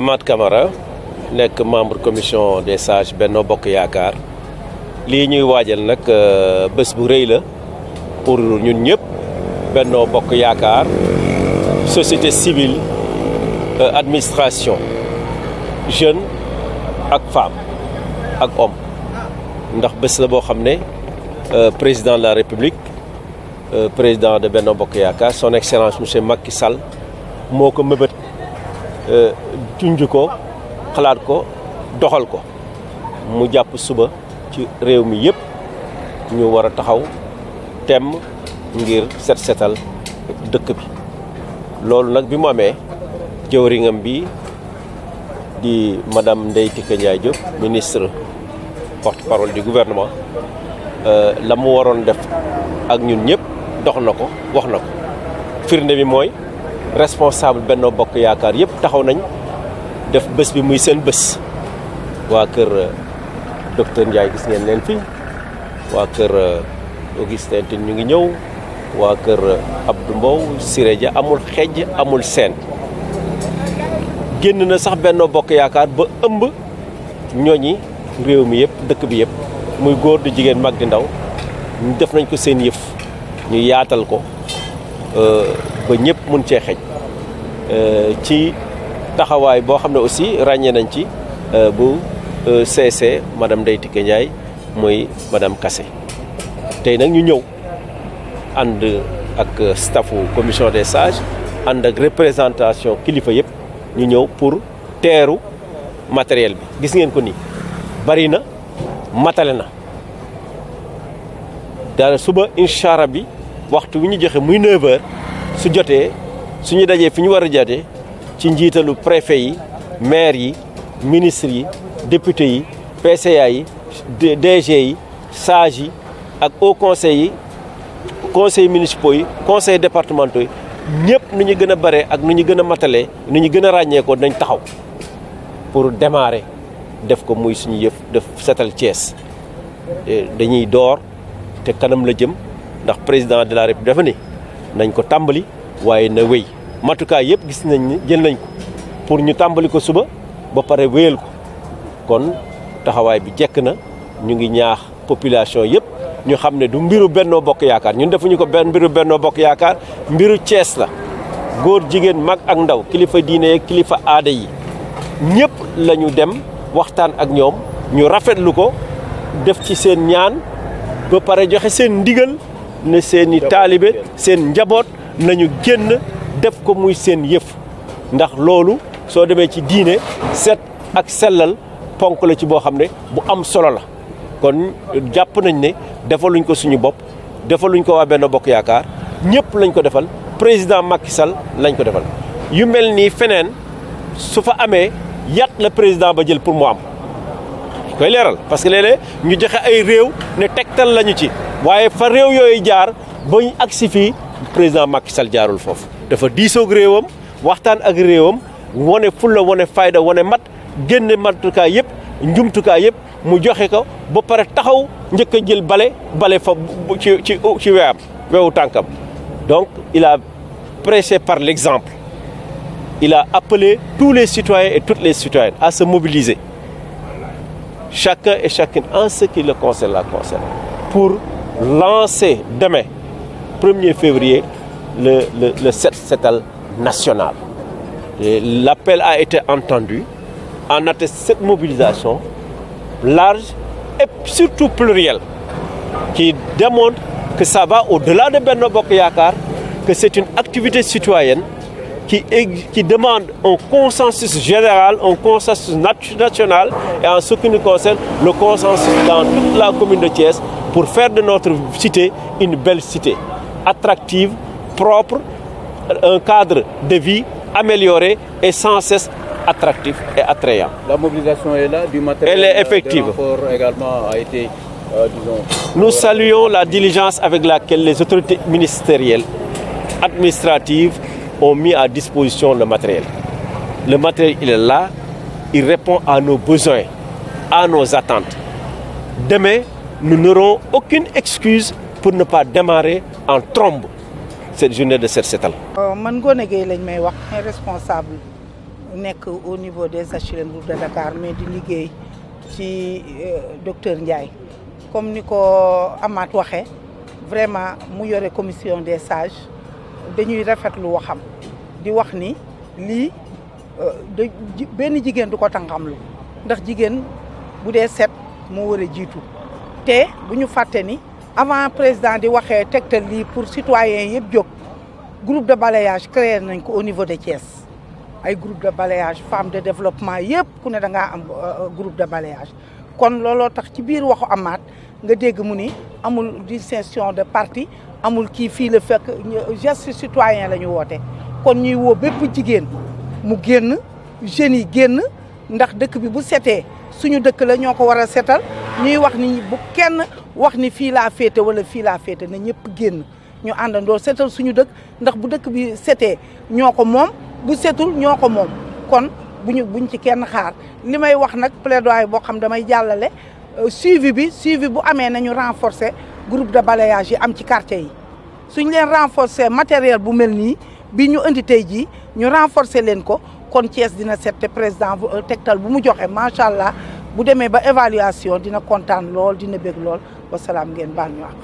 Amath kamara nekk membre commission des sages Benno Bokk Yaakaar lii ñuy waajal nag euh, bés bu rëy la pour ñun ñëpp Benno Bokk Yaakaar société civile euh, administration jeune ak femme ak homme ndax bés la boo xam ne euh, président de la république président de Benno Bokk Yaakaar son excellence monsieur Macky sal moo ko mëbët Euh, junj ko xalaat ko doxal ko mu jàpp suba ci réew mi yëpp ñu war a taxaw temm ngir set setal dëkk bi loolu nag bi mu amee jëwriñam bi di madam Ndeye Tické Ndiaye Diop ministre porte-parole du gouvernement euh, la mu waroon def ak ñun ñëpp dox na ko wax na ko firnde bi mooy responsable Benno Bokk Yaakaar yëpp taxaw nañ def bés bi muy seen bés waa kër euh, docteur Ndiaye gis ngeen leen fi waa kër euh, Augustin ñu ngi ñëw waa kër euh, Abdou Mbow Siré Dia amul xejj amul seen génn na sax Benno Bokk Yaakaar ba ëmb ñooñi réew mi yëpp dëkk bi yépp muy góor di jigéen mag di ndaw ñu def nañ ko seen yëf ñu yaatal ko ba ñëpp mun cee xej euh, ci taxawaay boo xam ne aussi ràññee nañ ci euh, bu CC euh, madame Ndeye tike njaay mooy madame Kassé tey nag ñu ñëw ànd ak staffu commission des sages ànd ak représentation kilifa yëpp ñu ñëw pour teeru matériel bi gis ngeen ko nii bari na matale na daal suba inchara bi waxtu wi ñu joxe muy 9h su jotee suñu dajee fi ñu war a jotee ci njiitalu préfet yi maire yi ministre yi député yi PCA yi DG yi SAGE yi ak au conseil yi conseil municipaux yi conseil départementaux yi ñëpp nu ñu gën a bare ak nu ñu gën a matalee nu ñu gën a ràññee ko dañ taxaw pour démarrer def ko muy suñu yëf def setal Thiès dañuy door te kanam la jëm ndax président de la république dafa ni nañ ko tàmbali waaye na wéy matukaay yëpp gis nañ ni jël nañ ko pour ñu tàmbali ko suba ba pare wéyal ko kon taxawaay bi jekk na ñu ngi ñaax population yëpp ñu xam ne du mbiru bennoo bokk yaakaar ñun defuñu ko benn mbiru bennoo bokk yaakaar mbiru Cees la góor jigéen mag ak ndaw kilifa diine kilifa aada yi ñëpp lañu dem waxtaan ak ñoom ñu rafetlu ko def ci seen ñaan ba pare joxe seen ndigal ne seen i taalibe seen njaboot nañu génn def ko muy seen yëf ndax loolu soo demee ci diine set ak sellal ponk la ci boo xam ne bu am solo la kon jàpp nañ ne defaluñ ko suñu bopp defaluñ ko waa benn bokk yaakaar ñëpp lañ ko defal président Macky Sall lañ ko defal yu mel nii feneen su fa amee yat la président ba jël pour mu am koy leeral parce que léeg ñu joxe ay réew ne tegtal lañu ci waaye fa réew yooyu jaar ba ñu agsi fii président Macky Sall jaarul foofu dafa diisoog réewam waxtaan ak réewam wane fulla wane fayda wane mat génne matukaay yëpp njumtukaay yëpp mu joxe ko ba pare taxaw njëkk a jël bale bale fa ci ci ci weyam wewu tànkam donc il a prêché par l'exemple il a appelé tous les citoyens et toutes les citoyennes à se mobiliser chacun et chacune en ce qui le la concerne pour lancer demain 1er février le le le set setal national l'appel a été entendu en atteste cette mobilisation large et surtout plurielle qui démontre que ça va au-delà de Benno Bokk Yakaar que c'est une activité citoyenne qui, qui demande un consensus général, un consensus national en ce qui nous concerne, le consensus dans toute la commune de Thiès pour faire de notre cité une belle cité, attractive, propre, un cadre de vie amélioré et sans cesse attractif et attrayant. La mobilisation Elle est effective. également a euh, Nous saluons la diligence avec laquelle les autorités ministérielles, administratives, ont mis à disposition le matériel. Le matériel, il est là, il répond à nos besoins, à nos attentes. Demain, nous n'aurons aucune excuse pour ne pas démarrer en trombe cette journée de euh, man Sersetal. Je responsable nekk au niveau des HLM de Dakar, mais di liggéey ci euh, docteur Ndiaye comme ni ko Amath waxe vraiment mu yore commission des sages dañuy rafetlu waxam di wax ni lii euh, da jigéen du ko tànqamlu ndax jigéen bu dee set moo war a jiitu te bu ñu fàtte ni avant président di waxe tegtal lii pour citoyens yëpp jog groupe de balayage créé nañ ko au niveau de Thiès ay groupe de balayage femme de développement yëpp ku ne da ngaa am euh, euh, groupe de balayage kon looloo tax ci biir waxu amaat nga dégg mu ni amul distinction de partie amul kii fii la fekk geste citoyen la ñu woote kon ñuy woo bépp jigéen mu génn jeunes yi génn ndax dëkk bi bu setee suñu dëkk la ñoo ko war a setal ñuy wax ni bu kenn wax ni fii laa féete wala fii laa féete na ñëpp génn ñu àndandoo setal suñu dëkk ndax bu dëkk bi setee ñoo ko moom bu setul ñoo ko moom kon bu buñ ci kenn xaar li may wax nag plaidoyer boo xam damay jàllale euh, suivi bi suivi bu amee nañu renforcer groupe de balayage yi am ci quartier yi suñ leen renforcer matériel bu mel nii bi ñu indi tey jii ñu renforcer leen ko kon Thiès dina set te président bu euh, tegtal bu mu joxe macha allah bu demee ba évaluation dina kontaan lool dina bég lool wasalaam ngeen baal ñu àq.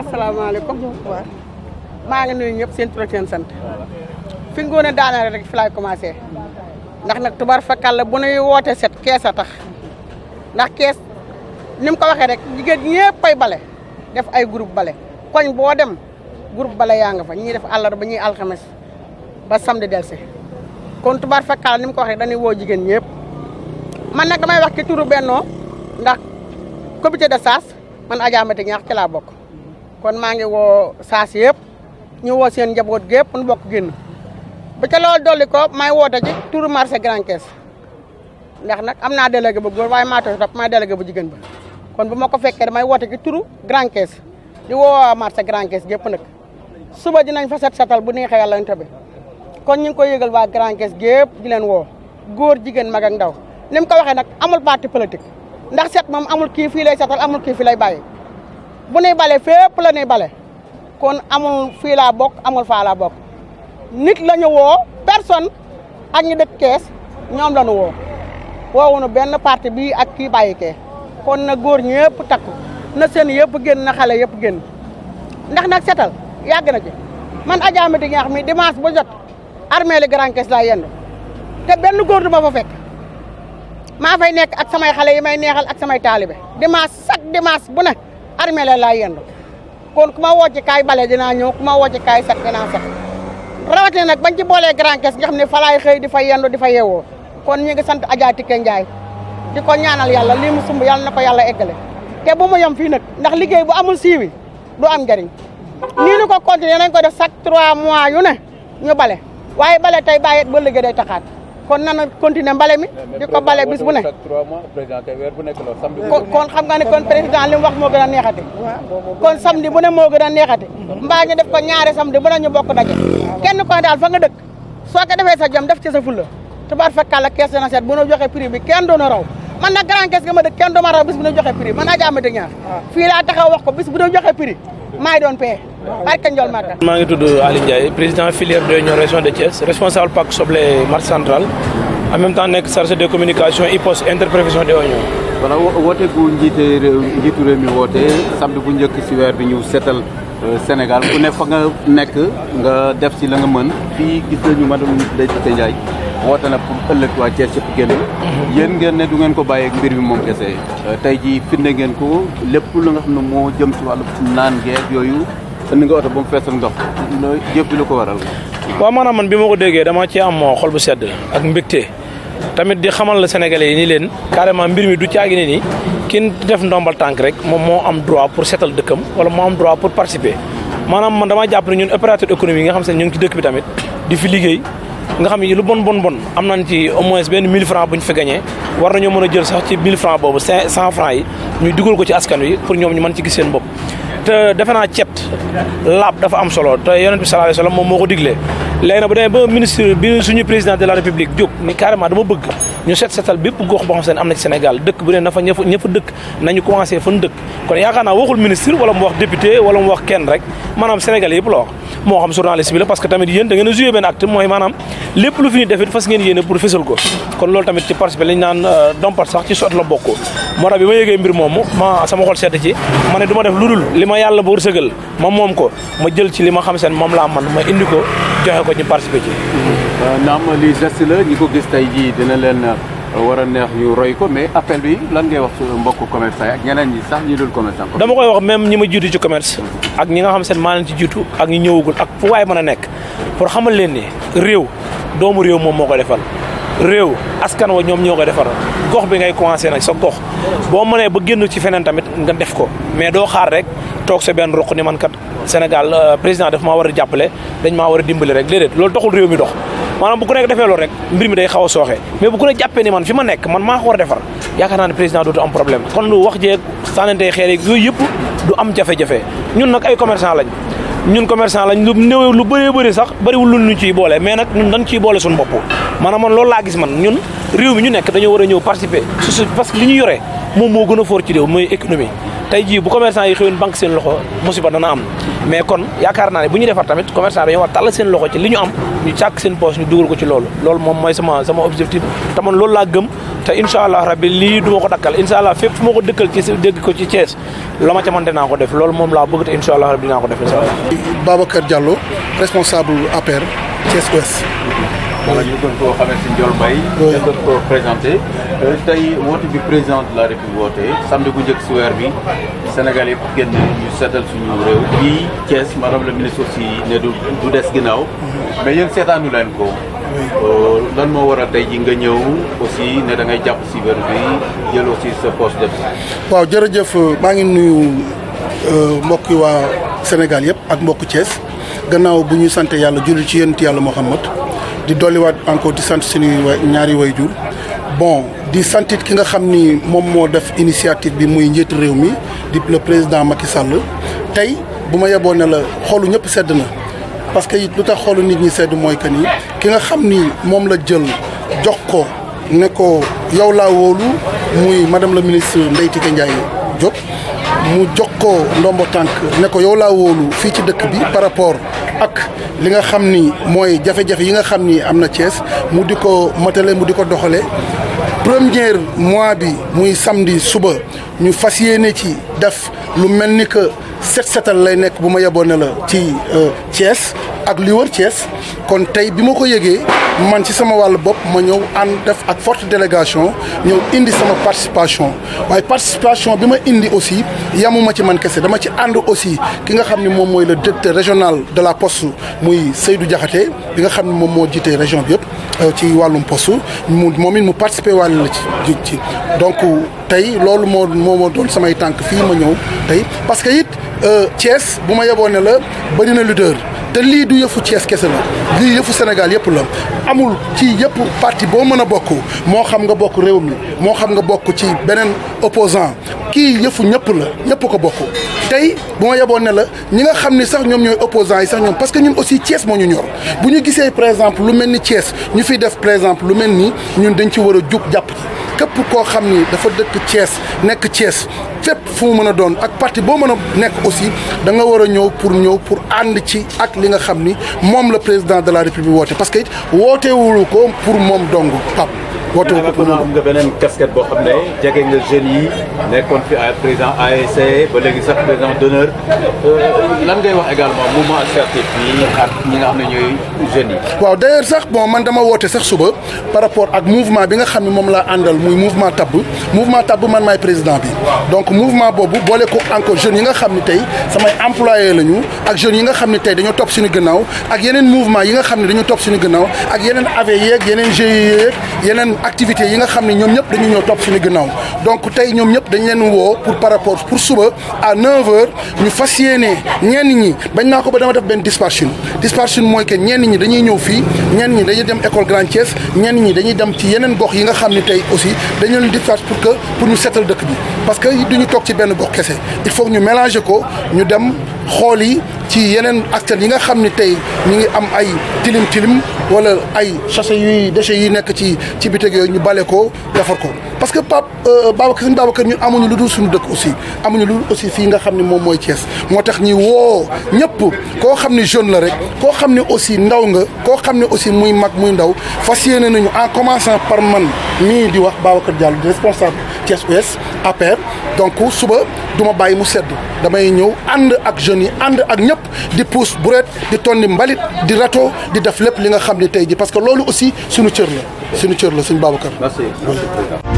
asalaamaaleykum. waaw maa ngi nuyu ñëpp seen tur ak seen sant fi nga ne daanare rek fi laay commencé ndax nag tubar fakalla bu nuy woote set kees a tax ndax kees ni mu ko waxee rek jigéen ñëpp bale. def ay groupe bale koñ boo dem group bale yaa nga fa ñii def àllarba ñii alxames ba samedi delsi kon tubaar fakkaal ni mu ko waxee dañuy woo jigéen ñëpp man nag may wax ci turu bennoo ndax comité de saas man Adja Mati ñaax ci laa bokk kon maa ngi woo saas yëpp ñu woo seen njaboot gépp ñu bokk génn ba ca loolu dolli ko may woote ci turu marché Grand Caisse ndax nag am naa délégué bu góor waaye maa toog topp may délégué bu jigéen ba kon bu ma ko fekkee damay woote ci turu Grand Caisse di woo waa marché Grand Caisse gépp nag suba dinañ fa set satal bu neexee yàlla nte bi kon ñu ngi koy yëgal waa Grand Caisse gépp di leen woo góor jigéen mag ak ndaw ni mu ko waxee nag amul parti politique ndax set moom amul kii fii lay setal amul kii fii lay bàyyi bu nuy bale fépp la nuy bale kon amul fii laa bokk amul faa laa bokk nit la ñu woo personne ak ñu dëkk kees ñoom la ñu woo woowuñu benn parti bii ak kii bàyyi kee kon na góor ñëpp takku na seen yëpp génn na xale yëpp génn ndax nag setal yàgg na ci man Adja Amady Niakh mi dimanche ba jot armée li grand caisse laa yendu te benn góor du ma fa fekk maa fay nekk ak samay xale yi may neexal ak samay taalibe dimanche chaque dimanche bu ne armée la laa yendu kon ku ma woo ci kaay bale dinaa ñëw ku ma woo ci kaay set dinaa set rawatina nag bañ ci boole grand caisse nga xam ne fa laay xëy di fa yendu di fa yeewoo kon ñu ngi sant Adja Tické Ndiaye di ko ñaanal yàlla lii mu sumb yàlla na ko yàlla eggale te bu mu yem fii nag ndax liggéey bu amul suivi du am njëriñ nii ñu ko continuer nañ ko def chaque trois mois yu ne ñu bale waaye bale tey bàyyi ba liggéey day taxaat kon nana continuer mbale mi di ko bale bis bu ne kon xam nga ne kon président li mu wax moo gën a neexati kon samedi bu ne moo gën a neexati mbaa ñu def ko ñaari sam samedi bu ne ñu bokk daje kenn ko daal fa nga dëkk soo ko defee sa jom def ci sa fulla tubaar fakkal ak caisse de nation bu ñu joxe prix bi kenn doona raw man nag grand caisse ga ma dëkk kenn dooma raw bis bu ñu joxe prix man Adja Amady Niang fii laa taxaw wax ko bis bu ñu joxe prix maay doon paye ah. barke Ndiol Màkka maa ngi tudd Aliou Ndiaye président filière de union région de Thiès responsable PAK Soble marché central en même temps nekk chargé de communication IPOS interprofession de oignon voilà woote bu njiite réew njiitu réew mi woote samedi bu njëkk si weer bi ñu seetal euh, Sénégal ku ne fa nga nekk nga def si la nga mën fii gis nañu madame Ndeye Ndiaye woote na pour ëllëg waa Thiès yëpp génn mhm. yéen ngeen ne du ngeen ko bàyyeeg mbir bi moom kese euh, tey jii firnde ngeen ko lépp lu nga xam ne moo jëm ci wàllu naan geeg yooyu indi nga oto ba mu feesal ndox loo lu ko waral waaw maanaam man bi ma ko déggee dama ci am moo euh, xol bu sedd ak mbégte tamit di xamal la Sénégalais yi ni leen carrément mbir mi du caagi ne ni kin def ndombal tànk rek moom moo am droit pour seetal dëkkam wala moo am droit pour participer maanaam man dama jàpp ne ñun opérateur économique yi nga xam se ne ngi ci dëkk bi tamit di fi liggéey nga xam ne lu bon bon bon am nañ ci au moins benn 1000 francs bu ñu fi gagné war nañoo mën a jël sax ci 1000 francs boobu 500 francs yi ñu dugal ko ci askan wi pour ñoom ñu mën ci gis seen bopp. te defe naa cet laab dafa am solo te yeneen bi sallallahu alayhi moom moo ko diglee léegi nag bu demee ba ministre bi suñu président de la république jóg ni carrément dama bëgg ñu set setal bépp gox boo xam seen am na ci Sénégal dëkk bu ne na fa ña fa ña fa dëkk nañu commencé fan dëkk kon yaakaar naa waxul ministre wala mu wax député wala mu wax kenn rek maanaam Sénégal yëpp la moo xam journaliste bi la parce que tamit yéen ngeen a joué benn acte mooy maanaam lépp lu fi ñuy def it fas ngeen yéene pour fésal ko kon loolu tamit ci participer euh, li ma yàlla xam seen moom laa man ma ba ñu participer ci. Euh, naam lii geste ñi ko gis tey jii dina leen euh, war a neex ñu roy ko mais appel bi lan ngay wax mbokk commerçant yi ak ñeneen ñi sax ñi dul commerçant. dama koy wax même ñi ma jiitu ci commerce. ak ñi nga xam seen maa leen ci jiitu ak ñi ñëwagul ak fu waay mën a nekk. pour xamal leen ni réew doomu réew moom moo ko defal. réew askan wa ñoom ñoo ko defar gox bi ngay commencé nag sa gox boo mënee ba génn ci feneen tamit nga def ko mais doo xaar rek toog sa benn roq ni man Sénégal euh, président daf ma war a jàppale dañ maa war a dimbali rek déedéet loolu doxul réew mi dox maanaam bu ku defee loolu rek mbir mi day xaw a sooxe mais bu ku ne jàppee ni man fi ma nekk man maa war a defar yaakaar naa ne président dootu am problème kon lu wax jeeg sànnantey xeer yeeg yëpp du am jafe-jafe ñun nag ay commerçant lañ ñun commerçant lañ lu néew lu bëree bëri sax bëriwul lu ñu ciy boole mais nag ñun dañ ciy boole suñu bopp maanaam man loolu laa gis man ñun réew mi ñu nekk dañoo war a ñëw participer su parce que moom moo gën a fort ci réew mooy économie tey jii bu commerçant yi xëyoon banque seen loxo dana am mais kon yaakaar naa ne bu ñu defar tamit commerçant dañoo war tàll seen loxo ci li ñu am ñu càkk seen poche ñu dugal ko ci loolu loolu moom mooy sama sama objectif te man loolu laa gëm te incha allah rabbi lii du ma ko dakkal incha allah fépp fu ma ko dëkkal ci dégg ko ci Thiès la ma ca mën dinaa ko def loolu moom laa bëgg te incha allah rabbi dinaa ko def incha allah Babacar Diallo responsable APR Thiès Ouest wala ñu gën koo xamee si Ndiol Mbaye koo présenté tey woote bi la République woote samedi bu njëkk si bi Sénégal yëpp génn ñu seetal suñu réew bii Thiès madame la ministre aussi ne du du des ginnaaw mhm. mais yéen seetaanu leen ko euh, lan moo waral tey ji nga ñëw aussi ne da ngay jàpp si weer bi jël aussi sa poste def si waaw jërëjëf maa ngi nuyu euh, mbokki waa Sénégal yëpp ak mbokk Thiès gannaaw bu ñu sant yàlla julli ci yonent yàlla Muhammad di dolliwaat encore di sant suñuy ñaari way jur bon di santit ki nga xam ni moom moo def initiative bi muy njiitu réew mi di le président Macky Sall tey bu ma yeboon ne la xoolu ñëpp sedd na parce que it lu tax xoolu nit ñi sedd mooy que ni ki nga xam ni moom la jël jox ko ne ko yow laa wóolu muy madam la ministre Ndeye Tické Ndiaye Diop mu jox ko ndombo tànk ne ko yow laa wóolu fii ci dëkk bi par rapport ak li nga xam ni mooy jafe-jafe yi nga xam ni am na Thiès mu di ko matale mu di ko doxale premier mois di muy samedi suba ñu fas yéene ci def lu mel ni que set setal lay nekk bu ma yeboon ne la ci euh, Thiès ak li wër Thiès kon tey bi ma ko yëgee man ci sama wàllu bopp ma ñëw ànd def ak forte délégation ñëw indi sama participation waaye participation bi ma indi aussi yamuma ci man kese dama ci ànd aussi ki nga xam ne moom mooy la directeur régional de la poste muy Seydou Diakhaté bi nga xam ne moom moo jiitee région bi yëpp euh, ci wàllum poste mu moom it mu participer wàll la ci ci donc tey loolu moo moo doon samay tànk fii ma ñëw tey parce que it euh, Thiès bu ma yeboo la bëri na lutteur te lii du yëfu Thiès kese la lii yëfu senegal yëpp la amul ci yëpp parti boo mën a bokk moo xam nga bokk réew mi moo xam nga bokk ci beneen opposant kii yëfu ñëpp la ñëpp ko bokk tey bu ma yeboon ne la ñi nga xam ni sax ñoom ñooy opposants yi sax ñoom parce que ñun aussi Thiès moo ñu ñor bu ñu gisee par exemple lu mel ni Thiès ñu fiy def par exemple lu mel ni ñun dañ ci war a jug jàpp képp koo xam ni dafa dëkk Thiès nekk cees fépp fu mu mën a doon ak parti boo mën a nekk aussi da nga war a ñëw pour ñëw pour ànd ci ak li nga xam ni moom la président de la république woote parce que it wootewulu ko pour moom dong pap woote wu ko am nga beneen casquette boo xam ne jege nga jeunes yi nekkoon fi ay président ba léegi sax président d'honneur euh, lan ngay wax également mouvement associatif yi nga xam ne ñooy jeunes yi. waaw d'ailleurs sax bon man dama woote sax suba par rapport ak mouvement bi nga xam ne moom laa àndal muy mouvement tabb mouvement tabb man maay président bi donc mouvement boobu boole ko encore jeunes yi nga xam ni tey samay employé la ñu ak jeunes yi nga xam ni tey dañoo topp suñu gannaaw ak yeneen mouvement yi nga xam ne dañoo topp suñu gannaaw ak yeneen AVE yeeg yeneen GIE yeeg yeneen activités gannaaw donc tey ñoom ñëpp dañ leen pour par rapport pour suba à 9 ñu fas yéene ñi bañ naa ko ba dama def benn dispatching dispatching mooy que ñenn ñi dañuy ñëw fii ñenn ñi dañuy dem école Grand Thiès ñenn dañu leen di dispatch pour que pour ñu seetal dëkk bi parce que du ñu toog ci benn gox kese il faut ñu mélanger ko ñu dem xool yi ci yeneen acteurs yi nga xam ni tey ñu ngi am ay tilim tilim. wala ay sachet yuy déchets yi nekk ci ci bitig yooyu ñu bale ko defar ko parce que Pape euh, Babacar suñu Babacar ñun amuñu lu dul suñu dëkk aussi amuñu lu dul aussi fii nga xam ne moom mooy cees moo tax ñi woo ñëpp koo xam ne jeune la rek koo xam ne aussi ndaw nga koo xam ne aussi muy mag muy ndaw fas yéene nañu en commençant par man mii di wax Babacar Diallo di responsable Thiès Ouest APR donc suba du ma bàyyi mu sedd damay ñëw ànd ak jeunes yi ànd ak ñëpp di pousse bureet di ni mbalit di rato di def lépp li nga xam ne tey ji parce que loolu aussi suñu cër la suñu cër la suñu Babacar. merci